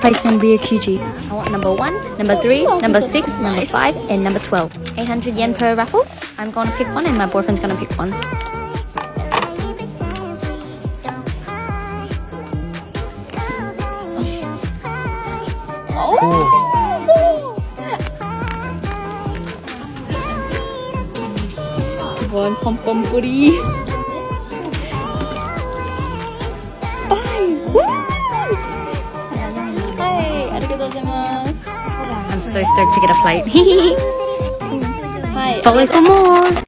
place in QG. I want number 1, number 3, number 6, number 5, and number 12. 800 yen per raffle. I'm going to pick one and my boyfriend's going to pick one. One pom pom puri. Bye. I'm so stoked to get a plate. Follow for more.